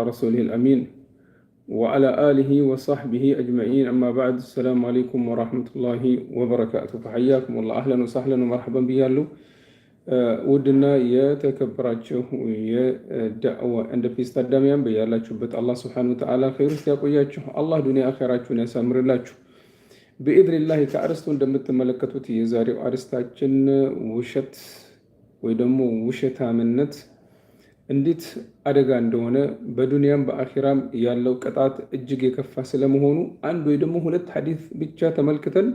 على رسوله الأمين وعلى آله وصحبه أجمعين أما بعد السلام عليكم ورحمة الله وبركاته فحياكم الله أهلا وسهلا ومرحبا بيالو ውድና የተከበራችሁ የዳዕዋ እንደ ፒስ ታዳሚያን በያላችሁበት አላህ ስብሐነሁ ወተዓላ ኸይር ውስጥ ያቆያችሁ። አላህ ዱንያ አኼራችሁን ያሳምርላችሁ። በኢድኒላህ ከአርስቱ እንደምትመለከቱት የዛሬው አርስታችን ውሸት ወይ ደግሞ ውሸታምነት እንዴት አደጋ እንደሆነ በዱንያም በአኺራም ያለው ቅጣት እጅግ የከፋ ስለመሆኑ አንድ ወይ ደግሞ ሁለት ሐዲስ ብቻ ተመልክተን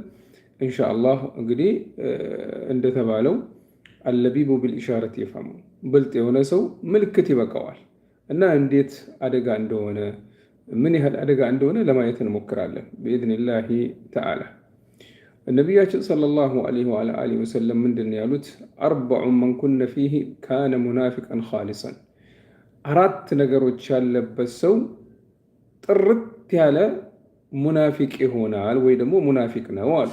እንሻአላህ እንግዲህ እንደተባለው አለቢቡ ቢልኢሻረት የፈሙ ብልጥ የሆነ ሰው ምልክት ይበቃዋል እና እንዴት አደጋ እንደሆነ ምን ያህል አደጋ እንደሆነ ለማየት እንሞክራለን ብኢዝኒላሂ ተዓላ። ነቢያችን ሰለላሁ ዐለይሂ ወዐላ አሊሂ ወሰለም ምንድን ያሉት? አርበዑን መን ኩነ ፊህ ካነ ሙናፊቀን ኻሊሰን አራት ነገሮች ያለበት ሰው ጥርት ያለ ሙናፊቅ ይሆናል ወይ ደግሞ ሙናፊቅ ነው አሉ።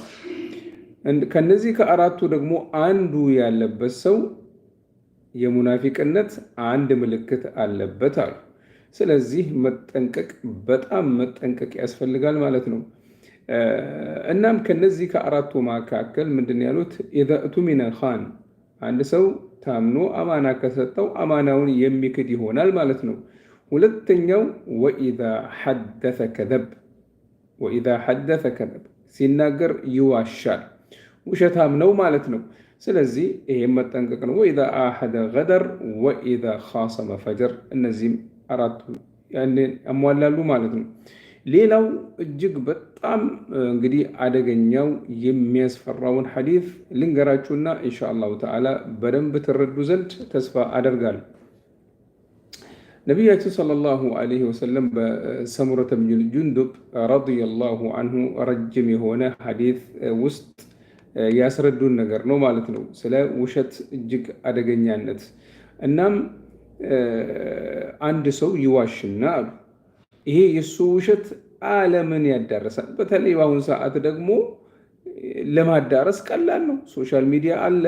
ከነዚህ ከአራቱ ደግሞ አንዱ ያለበት ሰው የሙናፊቅነት አንድ ምልክት አለበት አሉ። ስለዚህ መጠንቀቅ በጣም መጠንቀቅ ያስፈልጋል ማለት ነው። እናም ከነዚህ ከአራቱ መካከል ምንድን ያሉት ኢዛ እቱሚነ ኻን አንድ ሰው ታምኖ አማና ከሰጠው አማናውን የሚክድ ይሆናል ማለት ነው። ሁለተኛው ወኢዛ ሐደፈ ከዘብ፣ ወኢዛ ከዘብ ሲናገር ይዋሻል፣ ውሸታም ነው ማለት ነው። ስለዚህ ይሄም መጠንቀቅ ነው። ወኢዛ አሐደ ገደር፣ ወኢዛ ኻሰመ ፈጀር። እነዚህም አራቱ ያንን ያሟላሉ ማለት ነው። ሌላው እጅግ በጣም እንግዲህ አደገኛው የሚያስፈራውን ሐዲስ ልንገራችሁና ኢንሻ አላሁ ተዓላ በደንብ ትረዱ ዘንድ ተስፋ አደርጋለሁ። ነቢያችን ሰለላሁ ዐለይሂ ወሰለም በሰሙረተ ብን ጁንዱብ ረዲየላሁ አንሁ ረጅም የሆነ ሐዲስ ውስጥ ያስረዱን ነገር ነው ማለት ነው፣ ስለ ውሸት እጅግ አደገኛነት። እናም አንድ ሰው ይዋሽና ይሄ የእሱ ውሸት ዓለምን ያዳርሳል። በተለይ በአሁኑ ሰዓት ደግሞ ለማዳረስ ቀላል ነው። ሶሻል ሚዲያ አለ።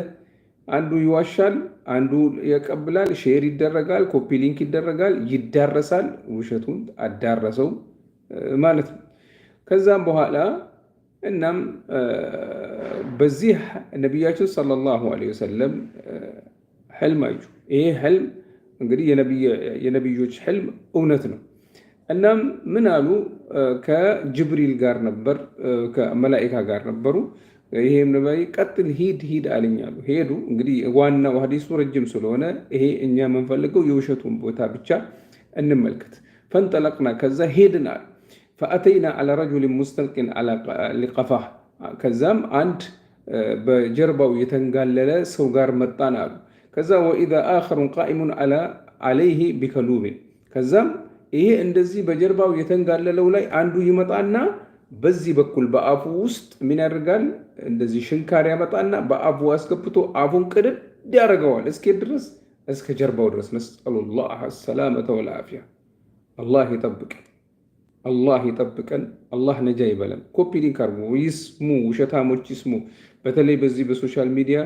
አንዱ ይዋሻል፣ አንዱ ያቀብላል፣ ሼር ይደረጋል፣ ኮፒ ሊንክ ይደረጋል፣ ይዳረሳል። ውሸቱን አዳረሰው ማለት ነው። ከዛም በኋላ እናም በዚህ ነቢያችን ሰለላሁ ዐለይሂ ወሰለም ህልም አዩ። ይሄ ህልም እንግዲህ የነቢዮች ህልም እውነት ነው። እናም ምን አሉ? ከጅብሪል ጋር ነበር ከመላኢካ ጋር ነበሩ። ይሄም ነባይ ቀጥል ሂድ ሂድ አለኛሉ። ሄዱ። እንግዲህ ዋናው ሀዲሱ ረጅም ስለሆነ ይሄ እኛ የምንፈልገው የውሸቱን ቦታ ብቻ እንመልከት። ፈንጠለቅና ከዛ ሄድን አሉ። ፈአተይና አላ ረጁሊን ሙስተልቅን ሊቀፋ ከዛም አንድ በጀርባው የተንጋለለ ሰው ጋር መጣን አሉ። ከዛ ወኢዛ አኸሩን ቃኢሙን አለይህ ቢከሉብን ከዛም ይሄ እንደዚህ በጀርባው የተንጋለለው ላይ አንዱ ይመጣና በዚህ በኩል በአፉ ውስጥ ምን ያደርጋል? እንደዚህ ሽንካር ያመጣና በአፉ አስገብቶ አፉን ቅድድ ያደርገዋል። እስከ ድረስ እስከ ጀርባው ድረስ ነስአሉላህ ሰላመተ ወላፊያ። አላህ ይጠብቀን፣ አላህ ይጠብቀን፣ አላህ ነጃ ይበለን። ኮፒ ሊንክ አርጉ፣ ይስሙ፣ ውሸታሞች ይስሙ። በተለይ በዚህ በሶሻል ሚዲያ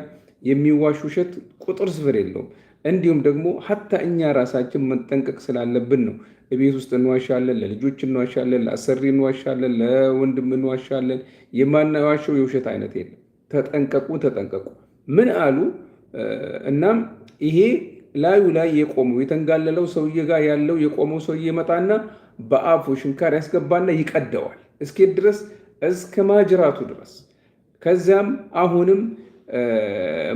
የሚዋሽ ውሸት ቁጥር ስፍር የለውም። እንዲሁም ደግሞ ሀታ እኛ ራሳችን መጠንቀቅ ስላለብን ነው። ቤት ውስጥ እንዋሻለን፣ ለልጆች እንዋሻለን፣ ለአሰሪ እንዋሻለን፣ ለወንድም እንዋሻለን። የማናዋሸው የውሸት አይነት የለም። ተጠንቀቁ፣ ተጠንቀቁ። ምን አሉ? እናም ይሄ ላዩ ላይ የቆመው የተንጋለለው ሰውዬ ጋር ያለው የቆመው ሰውዬ ይመጣና በአፉ ሽንካር ያስገባና ይቀደዋል። እስኬት ድረስ እስከ ማጅራቱ ድረስ። ከዚያም አሁንም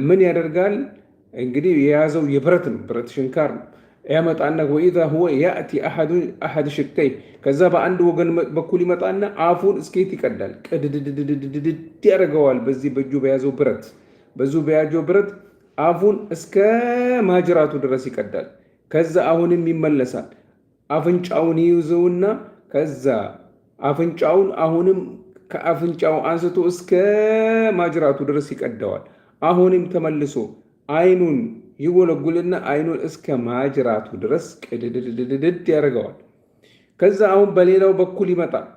ምን ያደርጋል እንግዲህ የያዘው የብረት ነው፣ ብረት ሽንካር ነው ያመጣና ወኢዛ ሁወ ያእቲ አሐድ ሽከይ ከዛ በአንድ ወገን በኩል ይመጣና አፉን እስኬት ይቀዳል፣ ቅድድድድድድድ ያደርገዋል። በዚህ በእጁ በያዘው ብረት በዙ በያዘው ብረት አፉን እስከ ማጅራቱ ድረስ ይቀዳል። ከዛ አሁንም ይመለሳል። አፍንጫውን ይይዘውና ከዛ አፍንጫውን አሁንም ከአፍንጫው አንስቶ እስከ ማጅራቱ ድረስ ይቀደዋል። አሁንም ተመልሶ አይኑን ይጎለጉልና አይኑን እስከ ማጅራቱ ድረስ ቅድድድድድድ ያደርገዋል። ከዛ አሁን በሌላው በኩል ይመጣል።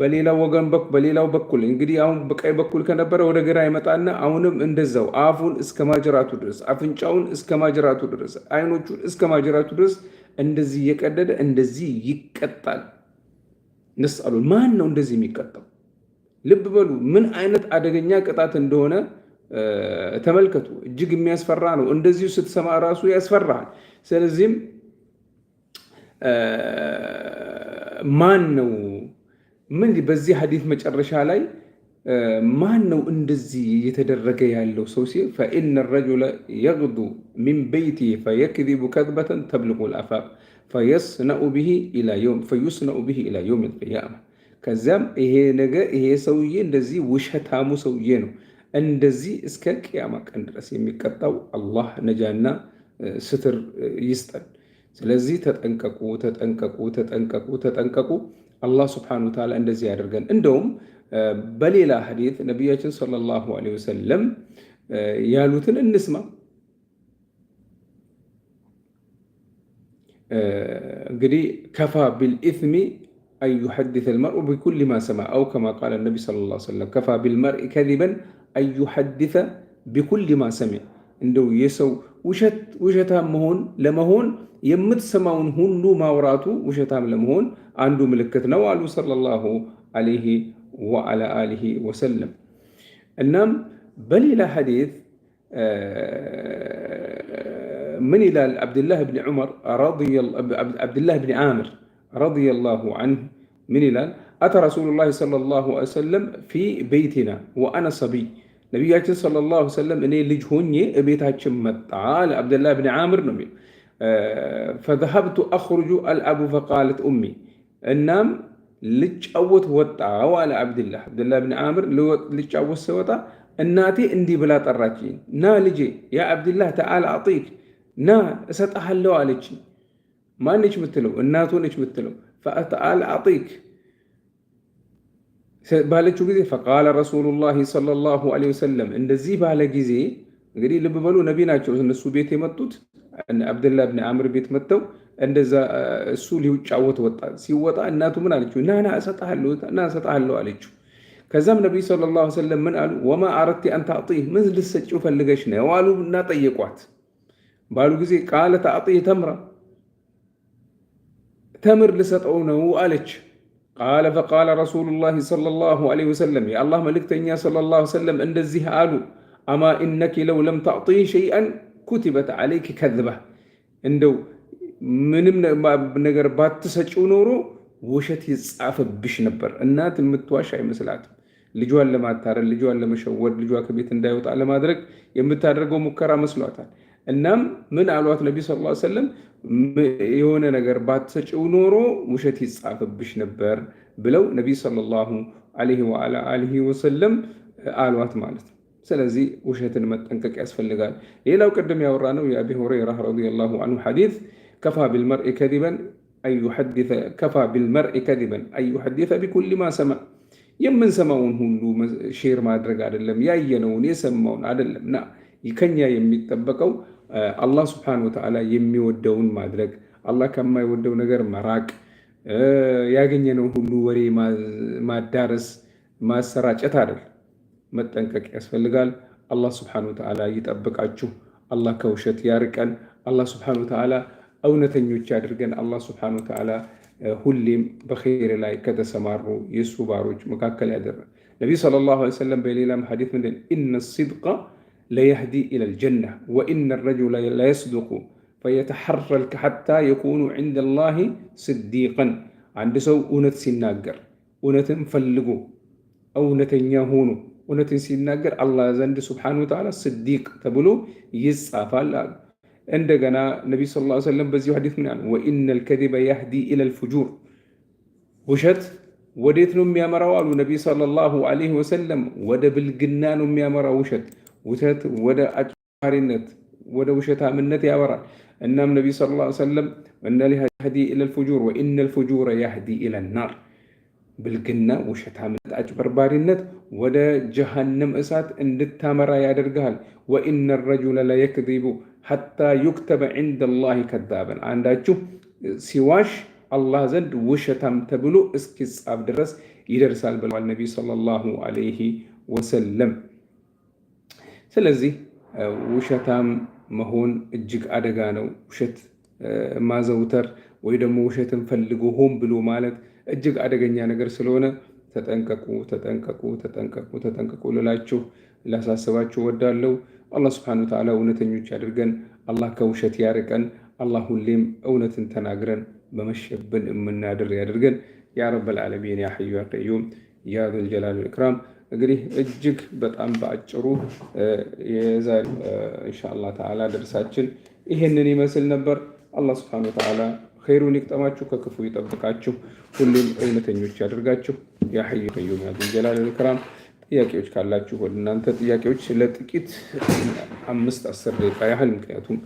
በሌላው ወገን በሌላው በኩል እንግዲህ አሁን በቀኝ በኩል ከነበረ ወደ ግራ ይመጣና አሁንም እንደዛው አፉን እስከ ማጅራቱ ድረስ፣ አፍንጫውን እስከ ማጅራቱ ድረስ፣ አይኖቹን እስከ ማጅራቱ ድረስ እንደዚህ እየቀደደ እንደዚህ ይቀጣል። ነስአሉ ማን ነው እንደዚህ የሚቀጣው? ልብ በሉ ምን አይነት አደገኛ ቅጣት እንደሆነ ተመልከቱ። እጅግ የሚያስፈራ ነው። እንደዚሁ ስትሰማ ራሱ ያስፈራል። ስለዚህም ማን ነው ምን በዚህ ሀዲት መጨረሻ ላይ ማን ነው እንደዚህ እየተደረገ ያለው ሰው ሲል ፈኢነ ረጁለ የግዱ ሚን በይቲ ፈየክዚቡ ከዝበተን ተብልቁ ልአፋቅ ፈየስነኡ ብሂ ኢላ የውም ልቅያማ ከዚያም ይሄ ነገ ይሄ ሰውዬ እንደዚህ ውሸታሙ ሰውዬ ነው እንደዚህ እስከ ቅያማ ቀን ድረስ የሚቀጣው አላህ ነጃና ስትር ይስጠን። ስለዚህ ተጠንቀቁ፣ ተጠንቀቁ፣ ተጠንቀቁ፣ ተጠንቀቁ። አላህ ስብሐነሁ ወተዓላ እንደዚህ ያደርገን። እንደውም በሌላ ሐዲት ነቢያችን ሰለላሁ ዐለይሂ ወሰለም ያሉትን እንስማ። እንግዲህ ከፋ ቢልኢስሚ አን ዩሐዲሰ አልመርኡ ቢኩሊ ማ ሰማ አው ከማ ቃለ ነቢ ሰለላሁ ዐለይሂ ወሰለም ከፋ ቢልመርኢ ከዚበን أن يحدث بكل ما سمع عنده يسو وشت وشتام مهون لمهون يمت سماون هنو ما وراتو وشتام لمهون عنده ملكتنا وعلو صلى الله عليه وعلى آله وسلم النام بل إلى حديث آه، من إلى عبد الله بن عمر رضي عبد الله بن عامر رضي الله عنه من إلى أتى رسول الله صلى الله عليه وسلم في بيتنا وأنا صبي نبي صلى الله عليه وسلم إني لجهني بيتها شمت على عبد الله بن عامر نبي آه، فذهبت أخرج الأب فقالت أمي إنام لج أوت وطع على عبد الله عبد الله بن عامر لج أوت سوطع الناتي اندي بلا تراتين نا لجي يا عبد الله تعالى أعطيك نا ست أهل لو ما نيش متلو الناتو نيش متلو فأتعال أعطيك ባለችው ጊዜ ፈቃለ ረሱሉላሂ ሰለላሁ ዐለይሂ ወሰለም እንደዚህ ባለ ጊዜ እንግዲህ ልብ በሉ ነቢ ናቸው። እነሱ ቤት የመጡት አብደላ ብን አምር ቤት መጥተው እንደዛ እሱ ሊውጫወት ወጣ። ሲወጣ እናቱ ምን አለችው? ናና እሰጥሃለሁ አለችው። ከዛም ነቢይ ሰለላሁ ዐለይሂ ወሰለም ምን አሉ? ወማ አረቲ አን ምን ልሰጭው ፈልገሽ ነው አሉ እና ጠየቋት። ባሉ ጊዜ ቃለ ተዕጢህ ተምራ ተምር ልሰጠው ነው አለች። ቃለ ፈቃለ ረሱሉላሂ ሰለላሁ ዐለይሂ ወሰለም የአላህ መልእክተኛ ሰለላሁ ዐለይሂ ወሰለም እንደዚህ አሉ። አማ ኢነኪ ለው ለም ተዕጢህ ሸይአን ኩቲበት ዐለይኪ ከዝባህ እንደው ምንም ነገር ባትሰጪው ኖሮ ውሸት ይጻፈብሽ ነበር። እናት የምትዋሽ አይመስላትም። ልጇን ለማታረል፣ ልጇን ለመሸወድ፣ ልጇ ከቤት እንዳይወጣ ለማድረግ የምታደርገው ሙከራ መስሏታል። እናም ምን አሏት ነቢ ሰለላሁ ዐለይሂ ወሰለም የሆነ ነገር ባትሰጭው ኖሮ ውሸት ይጻፍብሽ ነበር ብለው ነቢይ ሰለላሁ ዐለይሂ ወዐላ አሊሂ ወሰለም አሏት ማለት ነው። ስለዚህ ውሸትን መጠንቀቅ ያስፈልጋል። ሌላው ቅድም ያወራ ነው የአቢ ሁረይራ ረዲየላሁ አንሁ ሐዲስ ከፋ ቢልመርኢ ከዚበን ከፋ ቢልመርኢ ከዚበን አዩሐዲፈ ዩሐዲሰ ማ ሰማ የምንሰማውን ሁሉ ሼር ማድረግ አይደለም ያየነውን የሰማውን አይደለም ና ከኛ የሚጠበቀው አላህ ስብሐነሁ ወተዓላ የሚወደውን ማድረግ፣ አላህ ከማይወደው ነገር መራቅ፣ ያገኘነው ሁሉ ወሬ ማዳረስ፣ ማሰራጨት አይደል። መጠንቀቅ ያስፈልጋል። አላህ ስብሐነሁ ወተዓላ ይጠብቃችሁ። አላህ ከውሸት ያርቀን። አላህ ስብሐነሁ ወተዓላ እውነተኞች ያድርገን። አላህ ስብሐነሁ ወተዓላ ሁሌም በኸይር ላይ ከተሰማሩ የእሱ ባሮች መካከል ያደረን። ነቢ ሰለላሁ ዐለይሂ ወሰለም በሌላም ሐዲስ ምንድን ኢነ ሲድቀ ለየህዲ ኢለል ጀና ወኢነ ረጁለ ለየስዱቁ ፈየተሐረልከ ሐታ የኩኑ ዐንደ ላሂ ስዲቀን። አንድ ሰው እውነት ሲናገር እውነትን ፈልጉ እውነተኛ ሆኑ እውነትን ሲናገር አላህ ዘንድ ስብሓነሁ ወተዓላ ስዲቅ ተብሎ ይጻፋል አሉ። እንደገና ነቢ ሰለላሁ ዐለይሂ ወሰለም በዚሁ ሐዲስ ምን ያሉ ወኢነል ከዚበ የህዲ ኢለል ፉጁር፣ ውሸት ወዴት ነው የሚያመራው አሉ ነቢ ሰለላሁ ዐለይሂ ወሰለም። ወደ ብልግና ነው የሚያመራው ውሸት ውተት ወደ አጭፋሪነት ወደ ውሸታምነት ያበራል። እናም ነቢዩ ሰለላሁ ዐለይሂ ወሰለም እነ ያህዲ ኢለል ፉጁር ወኢነል ፉጁረ ያህዲ ኢለን ናር፣ ብልግና፣ ውሸታምነት፣ አጭበርባሪነት ወደ ጀሃንም እሳት እንድታመራ ያደርግሃል። ወኢነ ረጁለ ለየክዚቡ ሐታ ዩክተበ ዐንደ ላሂ ከዛበን፣ አንዳችሁ ሲዋሽ አላህ ዘንድ ውሸታም ተብሎ እስኪጻፍ ድረስ ይደርሳል ብለዋል ነቢዩ ሰለላሁ ዐለይሂ ወሰለም። ስለዚህ ውሸታም መሆን እጅግ አደጋ ነው። ውሸት ማዘውተር ወይ ደግሞ ውሸትን ፈልጎ ሆን ብሎ ማለት እጅግ አደገኛ ነገር ስለሆነ ተጠንቀቁ፣ ተጠንቀቁ፣ ተጠንቀቁ፣ ተጠንቀቁ ልላችሁ ላሳስባችሁ ወዳለው አላህ ስብሐነሁ ወተዓላ እውነተኞች ያድርገን። አላህ ከውሸት ያርቀን። አላህ ሁሌም እውነትን ተናግረን በመሸብን የምናድር ያድርገን። ያ ረበል ዓለሚን ያ ሐዩ ያ ቀዩም ያ ዘልጀላል ወልኢክራም እንግዲህ እጅግ በጣም በአጭሩ የዛሬ እንሻላ ተዓላ ደርሳችን ይሄንን ይመስል ነበር። አላህ ስብሐነ ወተዓላ ኸይሩን ይቅጠማችሁ፣ ከክፉ ይጠብቃችሁ፣ ሁሉም እውነተኞች ያደርጋችሁ። ያ ቀዩም ያ ዘልጀላሊ ጥያቄዎች ካላችሁ ወደ እናንተ ጥያቄዎች ለጥቂት አምስት አስር ደቂቃ ያህል ምክንያቱም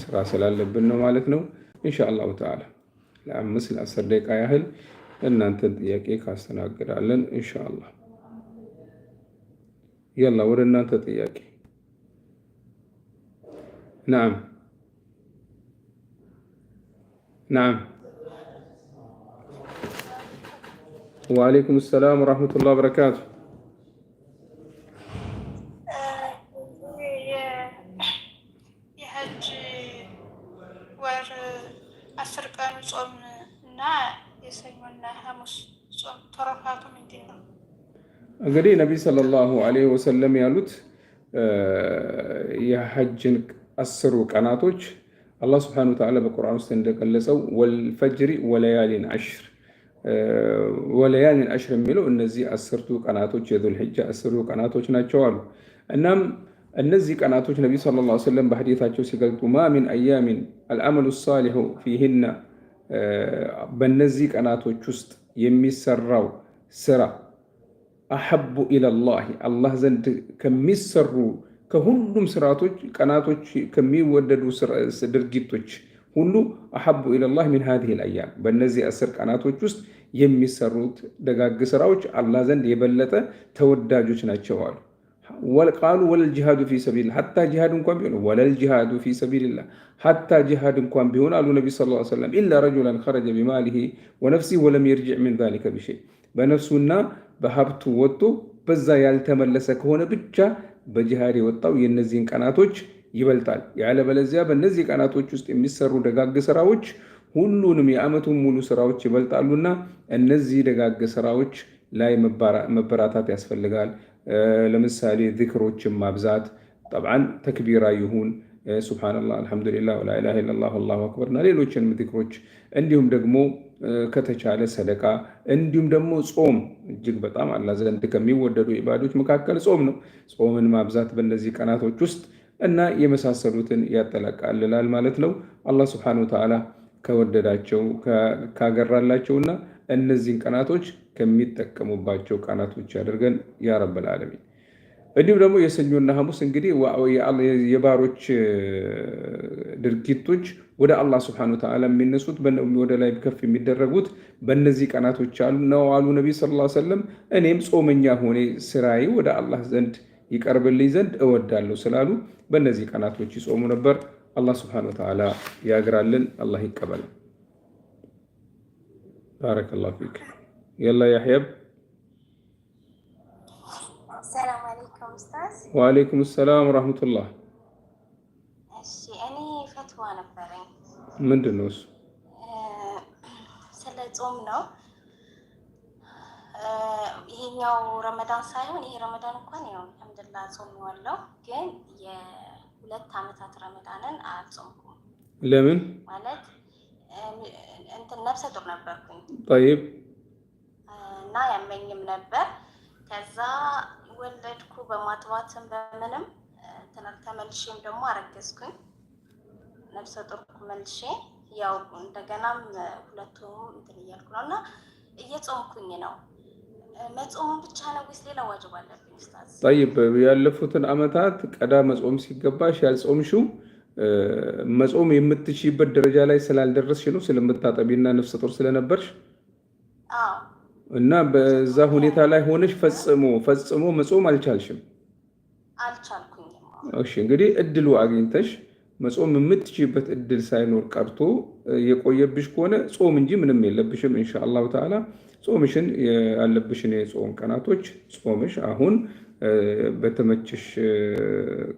ስራ ስላለብን ነው ማለት ነው። ኢንሻአላሁ ተዓላ ለአምስት ለአስር ደቂቃ ያህል እናንተን ጥያቄ ካስተናግዳለን ኢንሻአላህ يلا ورنا أنت تياكي نعم نعم وعليكم السلام ورحمة الله وبركاته እንግዲህ ነቢይ ሰለላሁ ዐለይሂ ወሰለም ያሉት የሐጅን አስሩ ቀናቶች አላህ ስብሐነሁ ወተዓላ በቁርአን ውስጥ እንደገለጸው ወልፈጅሪ ወለያሊን አሽር ወለያሊን አሽር የሚለው እነዚህ አስርቱ ቀናቶች የዙልሕጃ አስርቱ ቀናቶች ናቸው አሉ። እናም እነዚህ ቀናቶች ነቢዩ ሰለላሁ ዐለይሂ ወሰለም በሐዲታቸው ሲገልጡ ማ ሚን አያሚን አልአመሉ ሳሊሁ ፊሂና በነዚህ ቀናቶች ውስጥ የሚሰራው ስራ አሐቡ ኢለላህ አላህ ዘንድ ከሚሰሩ ከሁሉም ስርዓቶች፣ ቀናቶች፣ ከሚወደዱ ድርጊቶች ሁሉ አሐቡ ኢለላህ ሚን ሃዚህ ልአያም በእነዚህ አስር ቀናቶች ውስጥ የሚሰሩት ደጋግ ስራዎች አላህ ዘንድ የበለጠ ተወዳጆች ናቸው አሉ። ቃሉ ወለልጅሃዱ ፊ ሰቢልላህ ሐታ ጅሃድ እንኳን ቢሆን ወለልጅሃዱ ፊ ሰቢልላህ ሐታ ጅሃድ እንኳን ቢሆን አሉ ነቢ ስ ሰለም ኢላ ረጁላን ኸረጀ ቢማሊሂ ወነፍሲ ወለም የርጅዕ ምን ዛሊከ ብሸይ በነፍሱና በሀብቱ ወጥቶ በዛ ያልተመለሰ ከሆነ ብቻ በጂሃድ የወጣው የእነዚህን ቀናቶች ይበልጣል። ያለበለዚያ በእነዚህ ቀናቶች ውስጥ የሚሰሩ ደጋግ ስራዎች ሁሉንም የአመቱን ሙሉ ስራዎች ይበልጣሉና እነዚህ ደጋግ ስራዎች ላይ መበራታት ያስፈልጋል። ለምሳሌ ዝክሮችን ማብዛት ጠብዓን ተክቢራ ይሁን ሱብሓነላህ፣ አልሐምዱሊላህ፣ ላኢላሃ ኢለላህ፣ አላሁ አክበር እና ሌሎችንም ዚክሮች እንዲሁም ደግሞ ከተቻለ ሰደቃ እንዲሁም ደግሞ ጾም እጅግ በጣም አላህ ዘንድ ከሚወደዱ ኢባዶች መካከል ጾም ነው። ጾምን ማብዛት በእነዚህ ቀናቶች ውስጥ እና የመሳሰሉትን ያጠላቃልላል ማለት ነው። አላህ ሱብሓነሁ ወተዓላ ከወደዳቸው ካገራላቸውና እነዚህን ቀናቶች ከሚጠቀሙባቸው ቀናቶች ያደርገን ያ ዓለሚን። እንዲሁም ደግሞ የሰኞና ሐሙስ እንግዲህ የባሮች ድርጊቶች ወደ አላህ ስብሐነ ወተዓላ የሚነሱት ወደ ላይ ከፍ የሚደረጉት በእነዚህ ቀናቶች አሉ ነው አሉ ነቢይ ሰለላሁ ዐለይሂ ወሰለም። እኔም ጾመኛ ሆኔ ስራዬ ወደ አላህ ዘንድ ይቀርብልኝ ዘንድ እወዳለሁ ስላሉ በእነዚህ ቀናቶች ይጾሙ ነበር። አላህ ስብሐነ ወተዓላ ያግራልን፣ አላህ ይቀበል። ባረከላሁ ፊክ የላ ያሕየብ ወአሌይኩም ሰላም ወራህመቱላህ። እሺ እኔ ፈትዋ ነበረኝ። ምንድን ነው እሱ? ስለ ጾም ነው። ይሄኛው ረመዳን ሳይሆን ይሄ ረመዳን እንኳን ያው አልሐምዱሊላህ ጾም ዋለው፣ ግን የሁለት አመታት ረመዳንን አልጾምኩም። ለምን ማለት እንትን ነፍሰ ጡር ነበርኩኝ። ጠይብ እና ያመኝም ነበር ከዛ ወለድኩ። በማጥባትም በምንም ተመልሼም ደግሞ አረገዝኩኝ። ነፍሰ ጡርኩ መልሼ ያው እንደገናም ሁለቱም እንትን እያልኩ ነው እና እየጾምኩኝ ነው። መጾሙ ብቻ ነው ወይስ ሌላ ዋጅብ አለብኝ? ጠይብ ያለፉትን አመታት ቀዳ መጾም ሲገባሽ ያልጾምሽው መጾም የምትችይበት ደረጃ ላይ ስላልደረስሽ ነው ስለምታጠቢና ነፍሰ ጡር ስለነበርሽ እና በዛ ሁኔታ ላይ ሆነች ፈጽሞ ፈጽሞ መጾም አልቻልሽም። እሺ እንግዲህ እድሉ አግኝተሽ መጾም የምትችይበት እድል ሳይኖር ቀርቶ የቆየብሽ ከሆነ ጾም እንጂ ምንም የለብሽም። ኢንሻአላሁ ተዓላ ጾምሽን ያለብሽን የጾም ቀናቶች ጾምሽ አሁን በተመችሽ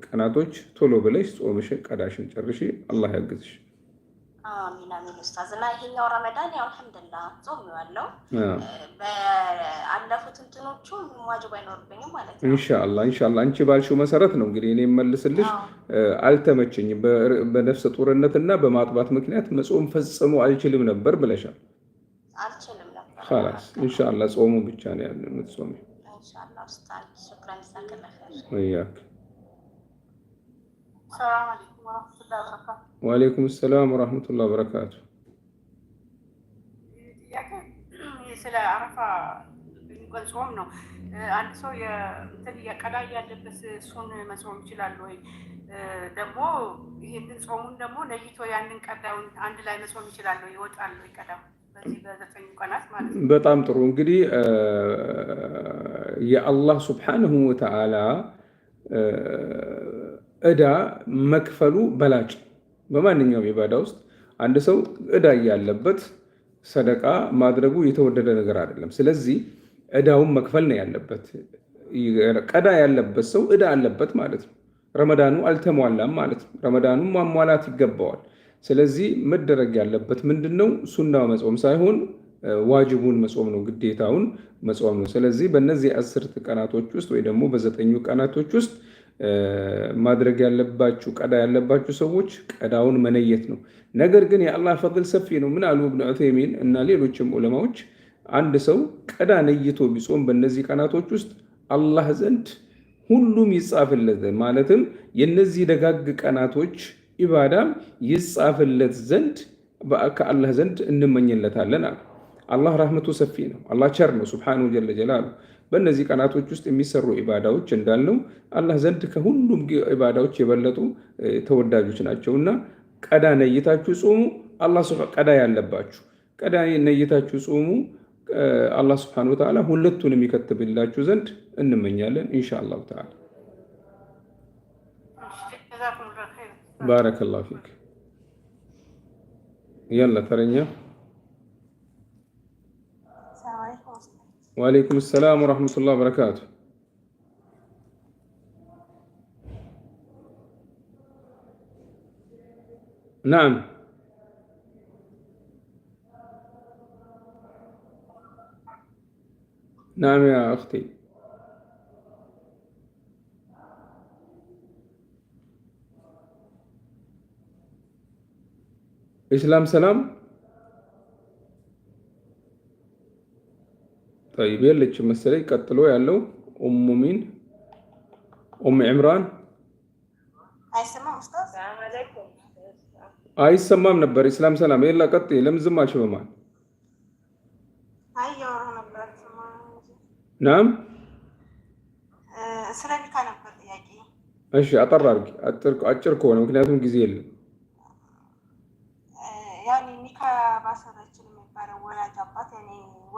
ቀናቶች ቶሎ ብለሽ ጾምሽ ቀዳሽን ጨርሺ። አላህ ያግዝሽ። አሚን አሚን ኡስታዝ። እና ይሄኛው ረመዳን ያው አልሐምዱሊላህ ጾም ይዋለው በአለፉት እንትኖቹ ዋጅብ አይኖርብኝም ማለት ነው። ኢንሻአላህ ኢንሻአላህ አንቺ ባልሽው መሰረት ነው እንግዲህ እኔ መልስልሽ። አልተመቸኝም በነፍሰ ጡርነት እና በማጥባት ምክንያት መጾም ፈጽሞ አልችልም ነበር ብለሻል። አልችልም ነበር። خلاص ኢንሻአላህ ጾሙ ብቻ ነው ያለው። ጾም ኢንሻአላህ ኡስታዝ። ሹክራን ሰከለኸር ወአሌይኩም ሰላም ወረህመቱላህ በረካቱ። ስለ አረፋ ጾም ነው። አንድ ሰው ቀዳ ያለበት እሱን መጾም ይችላል ወይ? ደግሞ ይህንን ጾሙን ደግሞ ለይቶ ያንን ቀዳውን አንድ ላይ መጾም ይችላል ወይ? ይወጣል ወይ ቀዳው? በጣም ጥሩ እንግዲህ የአላህ ሱብሓነሁ ወተዓላ እዳ መክፈሉ በላጭ። በማንኛውም ኢባዳ ውስጥ አንድ ሰው እዳ ያለበት ሰደቃ ማድረጉ የተወደደ ነገር አይደለም። ስለዚህ እዳውን መክፈል ነው ያለበት። ቀዳ ያለበት ሰው እዳ አለበት ማለት ነው። ረመዳኑ አልተሟላም ማለት ነው። ረመዳኑ ማሟላት ይገባዋል። ስለዚህ መደረግ ያለበት ምንድን ነው? ሱና መጾም ሳይሆን ዋጅቡን መጾም ነው፣ ግዴታውን መጾም ነው። ስለዚህ በእነዚህ አስርት ቀናቶች ውስጥ ወይ ደግሞ በዘጠኙ ቀናቶች ውስጥ ማድረግ ያለባችሁ ቀዳ ያለባችሁ ሰዎች ቀዳውን መነየት ነው። ነገር ግን የአላህ ፈድል ሰፊ ነው። ምን አሉ እብን ዑተይሚን እና ሌሎችም ዑለማዎች አንድ ሰው ቀዳ ነይቶ ቢጾም በእነዚህ ቀናቶች ውስጥ አላህ ዘንድ ሁሉም ይጻፍለት ማለትም የነዚህ ደጋግ ቀናቶች ኢባዳም ይጻፍለት ዘንድ ከአላህ ዘንድ እንመኝለታለን አሉ። አላህ ራህመቱ ሰፊ ነው። አላህ ቸር ነው። ሱብሓነሁ ጀለ ጀላሉ በእነዚህ ቀናቶች ውስጥ የሚሰሩ ኢባዳዎች እንዳልነው አላህ ዘንድ ከሁሉም ኢባዳዎች የበለጡ ተወዳጆች ናቸው እና ቀዳ ነይታችሁ ጾሙ። አላህ ቀዳ ያለባችሁ ቀዳ ነይታችሁ ጾሙ። አላህ ስብሐነሁ ወተዓላ ሁለቱን የሚከትብላችሁ ዘንድ እንመኛለን። ኢንሻአላሁ ተዓላ ባረከላሁ ፊክ። ያለ ተረኛ وعليكم السلام ورحمة الله وبركاته نعم نعم يا أختي إسلام سلام ጠይብ የለችም መሰለኝ። ቀጥሎ ያለው ኡሙ ሚን ኡም ዕምራን አይሰማም ነበር። ኢስላም ሰላም የላ ቀጥ ለምን ዝም አልሽ? በማል ናም እሺ፣ አጠር አድርጊ አጭር ከሆነ ምክንያቱም ጊዜ የለም።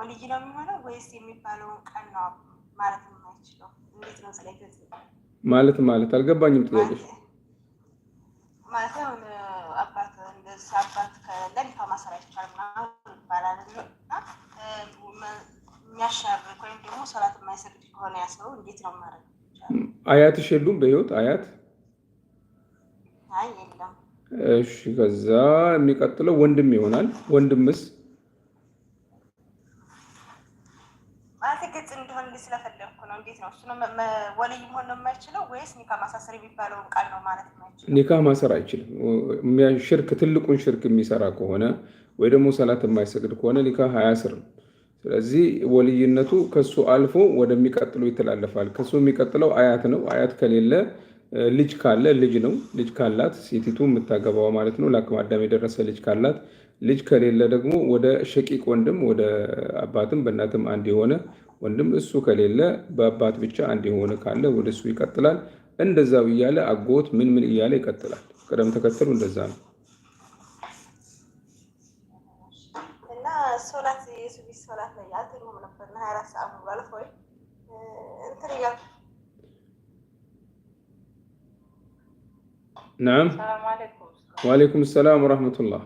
ወልይ ነው የሚሆነው ወይስ የሚባለውን ቀን ነው ማለት የማይችለው? እንዴት ነው ስለ ማለት ማለት አልገባኝም። ጥያቄ ማለት ነው አባት እንደዚህ አባት ከለሊፋ ማሰር አይቻልም ይባላል እና የሚያሻርክ ወይም ደግሞ ሰላት የማይሰግድ ከሆነ ያ ሰው እንዴት ነው ማድረግ? አያትሽ የሉም በህይወት አያት? አይ የለም። እሺ ከዛ የሚቀጥለው ወንድም ይሆናል። ወንድምስ እንድታደርግልኝ ስለፈለግኩ ነው። እንዴት ነው እሱ ወልይ መሆን ነው የማይችለው ወይስ ኒካ ማሳሰር የሚባለውን ቃል ነው ማለት ነው? ኒካ ማሰር አይችልም። ሽርክ ትልቁን ሽርክ የሚሰራ ከሆነ ወይ ደግሞ ሰላት የማይሰግድ ከሆነ ኒካ ነው። ስለዚህ ወልይነቱ ከሱ አልፎ ወደሚቀጥሉ ይተላለፋል። ከሱ የሚቀጥለው አያት ነው። አያት ከሌለ ልጅ ካለ ልጅ ነው። ልጅ ካላት ሴቲቱ የምታገባው ማለት ነው። ለአቅመ አዳም የደረሰ ልጅ ካላት ልጅ ከሌለ ደግሞ ወደ ሸቂቅ ወንድም ወደ አባትም በእናትም አንድ የሆነ ወንድም እሱ ከሌለ በአባት ብቻ አንድ የሆነ ካለ ወደ እሱ ይቀጥላል። እንደዛው እያለ አጎት ምን ምን እያለ ይቀጥላል። ቅደም ተከተሉ እንደዛ ነው። ናም ወአለይኩም ሰላም ወረሕመቱላህ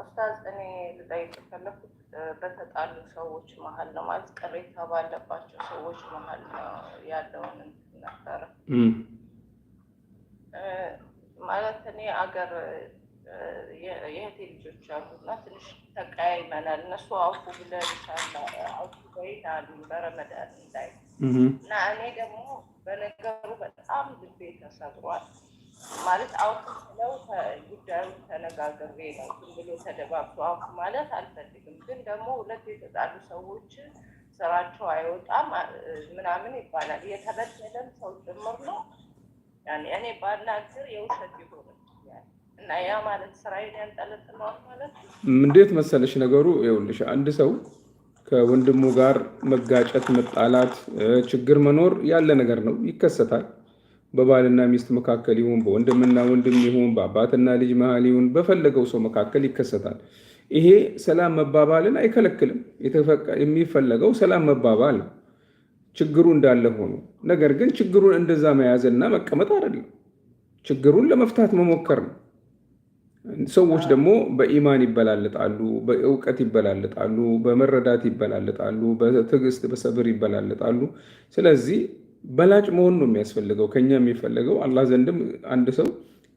ኡስታዝ እኔ ልጠይቅ ፈለኩት በተጣሉ ሰዎች መሀል ነው ማለት ቅሬታ ባለባቸው ሰዎች መሀል ነው ያለውን እንትን ነበረ ማለት እኔ አገር የእህቴ ልጆች አሉና ትንሽ ተቀያይመናል። እነሱ አውፉ ብለን አውፉ በይን አሉ በረመዳን ላይ እና እኔ ደግሞ በነገሩ በጣም ልቤ ተሰብሯል። ማለት አውቅ ስለው ጉዳዩ ተነጋግሬ ነው። ዝም ብሎ ተደባብቶ አውቅ ማለት አልፈልግም። ግን ደግሞ ሁለት የተጣሉ ሰዎች ስራቸው አይወጣም ምናምን ይባላል። የተበደለም ሰው ጭምር ነው። እኔ ባናግር የውሸት ይሆነ እና ያ ማለት ስራዬን ያንጠለጥለዋል ማለት እንዴት መሰለሽ ነገሩ ይኸውልሽ፣ አንድ ሰው ከወንድሙ ጋር መጋጨት፣ መጣላት፣ ችግር መኖር ያለ ነገር ነው፣ ይከሰታል በባልና ሚስት መካከል ይሁን በወንድምና ወንድም ይሁን በአባትና ልጅ መሀል ይሁን በፈለገው ሰው መካከል ይከሰታል። ይሄ ሰላም መባባልን አይከለክልም። የሚፈለገው ሰላም መባባል ነው፣ ችግሩ እንዳለ ሆኖ። ነገር ግን ችግሩን እንደዛ መያዝና መቀመጥ አይደለም፣ ችግሩን ለመፍታት መሞከር ነው። ሰዎች ደግሞ በኢማን ይበላለጣሉ፣ በእውቀት ይበላለጣሉ፣ በመረዳት ይበላለጣሉ፣ በትዕግስት በሰብር ይበላለጣሉ። ስለዚህ በላጭ መሆን ነው የሚያስፈልገው። ከኛ የሚፈለገው አላህ ዘንድም አንድ ሰው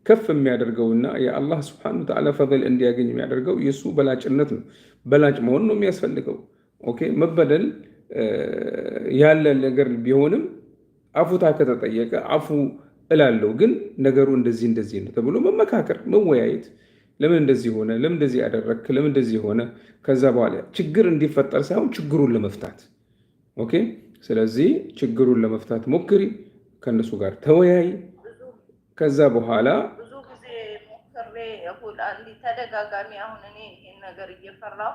ከፍ የሚያደርገውና የአላህ ስብሐነሁ ወተዓላ ፈል እንዲያገኝ የሚያደርገው የእሱ በላጭነት ነው። በላጭ መሆን ነው የሚያስፈልገው። ኦኬ መበደል ያለ ነገር ቢሆንም አፉታ ከተጠየቀ አፉ እላለሁ፣ ግን ነገሩ እንደዚህ እንደዚህ ነው ተብሎ መመካከር፣ መወያየት ለምን እንደዚህ ሆነ፣ ለምን እንደዚህ ያደረግክ፣ ለምን እንደዚህ ሆነ፣ ከዛ በኋላ ችግር እንዲፈጠር ሳይሆን ችግሩን ለመፍታት ኦኬ ስለዚህ ችግሩን ለመፍታት ሞክሪ፣ ከእነሱ ጋር ተወያይ። ከዛ በኋላ ብዙ ጊዜ ሞክሬ ተደጋጋሚ አሁን እኔ ይህን ነገር እየፈራሁ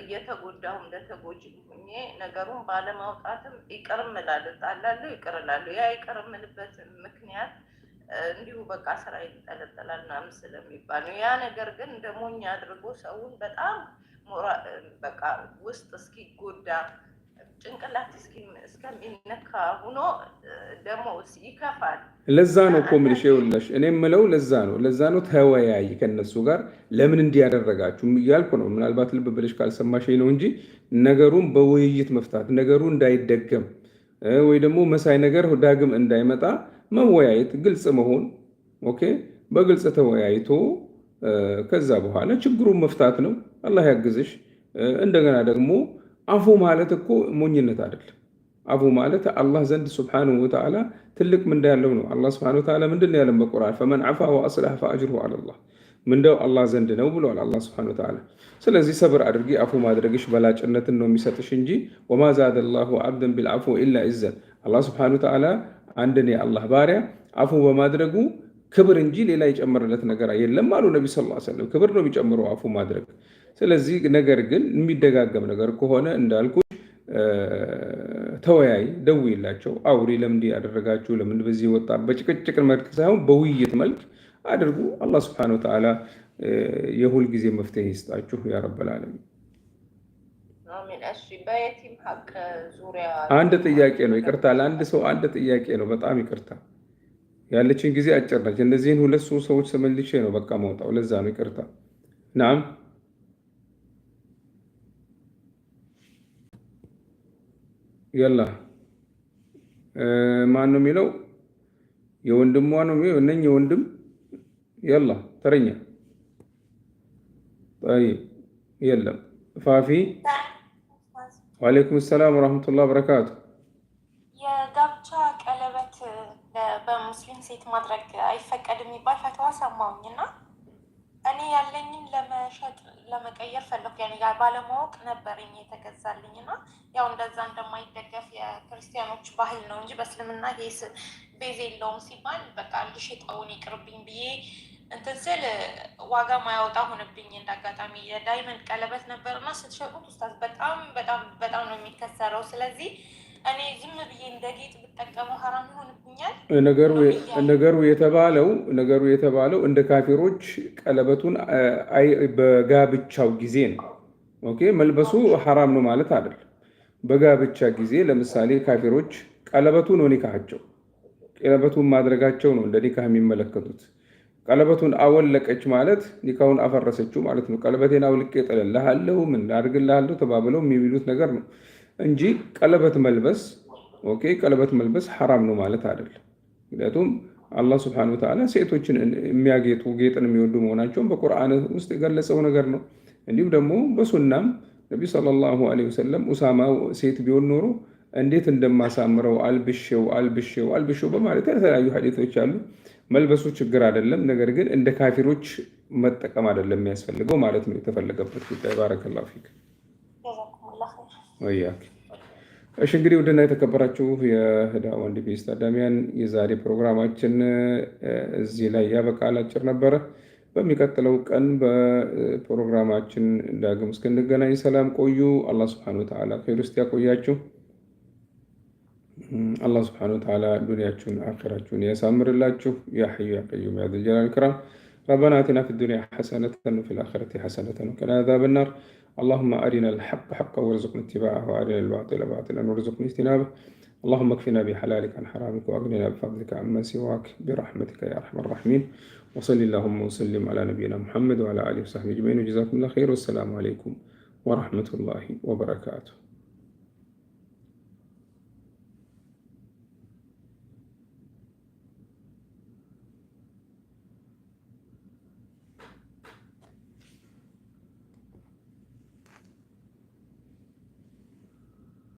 እየተጎዳሁ እንደተጎጂ ሆኜ ነገሩን ባለማውጣትም ይቅር እምላለሁ፣ እጣላለሁ፣ ይቅር እላለሁ። ያ ይቅር እምልበት ምክንያት እንዲሁ በቃ ስራ ይጠለጠላል ምናምን ስለሚባል ነው። ያ ነገር ግን እንደ ሞኝ አድርጎ ሰውን በጣም በቃ ውስጥ እስኪጎዳ ጭንቅላት እስከሚነካ ሁኖ ደግሞ ይከፋል። ለዛ ነው እኮ የምልሽ፣ ይኸውልሽ እኔ የምለው ለዛ ነው ለዛ ነው ተወያይ ከነሱ ጋር ለምን እንዲያደረጋችሁ እያልኩ ነው። ምናልባት ልብ ብለሽ ካልሰማሽኝ ነው እንጂ ነገሩን በውይይት መፍታት ነገሩ እንዳይደገም ወይ ደግሞ መሳይ ነገር ዳግም እንዳይመጣ መወያየት፣ ግልጽ መሆን። ኦኬ በግልጽ ተወያይቶ ከዛ በኋላ ችግሩን መፍታት ነው። አላህ ያግዝሽ። እንደገና ደግሞ አፉ ማለት እኮ ሞኝነት አይደለም። አፉ ማለት አላህ ዘንድ ስብሓንሁ ወተዓላ ትልቅ ምንዳ ያለው ነው። አላህ ስብሓንሁ ወተዓላ ምንድን ያለን በቁርአን ፈመን ዓፋ ወአስላሐ ፈአጅሩሁ ዐለላህ ምንዳው አላህ ዘንድ ነው ብለዋል አላህ ስብሓንሁ ወተዓላ። ስለዚህ ሰብር አድርጊ፣ አፉ ማድረግሽ በላጭነትን ነው የሚሰጥሽ እንጂ ወማ ዛደ ላሁ ዓብደን ኢላ ኢዘን። አላህ ስብሓንሁ ወተዓላ አንድን የአላህ ባሪያ አፉ በማድረጉ ክብር እንጂ ሌላ የጨመረለት ነገር የለም አሉ ነቢ ስ ሰለም። ክብር ነው የሚጨምረው አፉ ማድረግ ስለዚህ ነገር ግን የሚደጋገም ነገር ከሆነ እንዳልኩ ተወያይ፣ ደውይላቸው፣ አውሪ። ለምንድ ያደረጋችሁ ለምን በዚህ ወጣ? በጭቅጭቅ መልክ ሳይሆን በውይይት መልክ አድርጉ። አላህ ስብሐነሁ ወተዓላ የሁል ጊዜ መፍትሄ ይስጣችሁ ያረበላለም አንድ ጥያቄ ነው፣ ይቅርታ ለአንድ ሰው አንድ ጥያቄ ነው። በጣም ይቅርታ ያለችን ጊዜ አጭር ነች። እነዚህን ሁለት ሰዎች ተመልሼ ነው በቃ መውጣው። ለዛ ነው ይቅርታ ናም የላ ማን ነው የሚለው? የወንድሟ ነው እነኝ የወንድም የላ ተረኛ ጠይብ የለም። ፋፊ ዋሌይኩም ሰላም ወራህመቱላህ በረካቱ። የጋብቻ ቀለበት በሙስሊም ሴት ማድረግ አይፈቀድም የሚባል ፈተዋ ሰማሁኝና እኔ ያለኝን ለመሸጥ ለመቀየር ፈለኩ። ያኔ ጋር ባለማወቅ ነበረኝ የተገዛልኝ እና ያው እንደዛ እንደማይደገፍ የክርስቲያኖች ባህል ነው እንጂ በእስልምና ስ ቤዝ የለውም ሲባል በቃ ልሽጠውን ይቅርብኝ ብዬ እንትን ስል ዋጋ ማያወጣ ሆነብኝ። እንዳጋጣሚ የዳይመንድ ቀለበት ነበር ነበርና ስትሸጡት ውስታት በጣም በጣም በጣም ነው የሚከሰረው። ስለዚህ እኔ ዝም ብዬ እንደ ጌጥ ብጠቀመው ሀራም ይሆንብኛል። ነገሩ የተባለው ነገሩ የተባለው እንደ ካፊሮች ቀለበቱን በጋብቻው ጊዜ ነው። ኦኬ መልበሱ ሐራም ነው ማለት አይደል። በጋብቻ ጊዜ ለምሳሌ ካፊሮች ቀለበቱ ነው ኒካቸው፣ ቀለበቱን ማድረጋቸው ነው እንደ ኒካ የሚመለከቱት። ቀለበቱን አወለቀች ማለት ኒካውን አፈረሰችው ማለት ነው። ቀለበቴን አውልቄ ጥልልሃለሁ፣ ምን አድርግልሃለሁ ተባብለው የሚሉት ነገር ነው። እንጂ ቀለበት መልበስ ኦኬ፣ ቀለበት መልበስ ሐራም ነው ማለት አይደለም። ምክንያቱም አላህ ስብሐነሁ ወተዓላ ሴቶችን የሚያጌጡ ጌጥን የሚወዱ መሆናቸውን በቁርአን ውስጥ የገለጸው ነገር ነው። እንዲሁም ደግሞ በሱናም ነቢ ሰለላሁ ዐለይሂ ወሰለም ኡሳማ ሴት ቢሆን ኖሮ እንዴት እንደማሳምረው አልብሼው አልብሼው አልብሼው በማለት የተለያዩ ሀዲቶች አሉ። መልበሱ ችግር አይደለም። ነገር ግን እንደ ካፊሮች መጠቀም አይደለም የሚያስፈልገው ማለት ነው የተፈለገበት ጉዳይ። ባረከላሁ ፊክ እሺ እንግዲህ ውድና የተከበራችሁ የህዳ ወንድ ቤስ ታዳሚያን የዛሬ ፕሮግራማችን እዚህ ላይ ያበቃል። አጭር ነበረ። በሚቀጥለው ቀን በፕሮግራማችን ዳግም እስክንገናኝ ሰላም ቆዩ። አላህ ስብሐነሁ ወተዓላ ኸይር ውስጥ ያቆያችሁ። አላህ ስብሐነሁ ወተዓላ ዱንያችሁን አኺራችሁን ያሳምርላችሁ። ያሐዩ ሐዩ ያ ቀዩም ረበና አቲና ፊ ዱንያ ሐሰነተን ወፊል አኺረቲ ሐሰነተን ወቂና አዛበናር اللهم أرنا الحق حقا وارزقنا اتباعه وأرنا الباطل باطلا وارزقنا اجتنابه اللهم اكفنا بحلالك عن حرامك واغننا بفضلك عما سواك برحمتك يا ارحم الراحمين وصل اللهم وسلم على نبينا محمد وعلى اله وصحبه اجمعين وجزاكم الله خير والسلام عليكم ورحمه الله وبركاته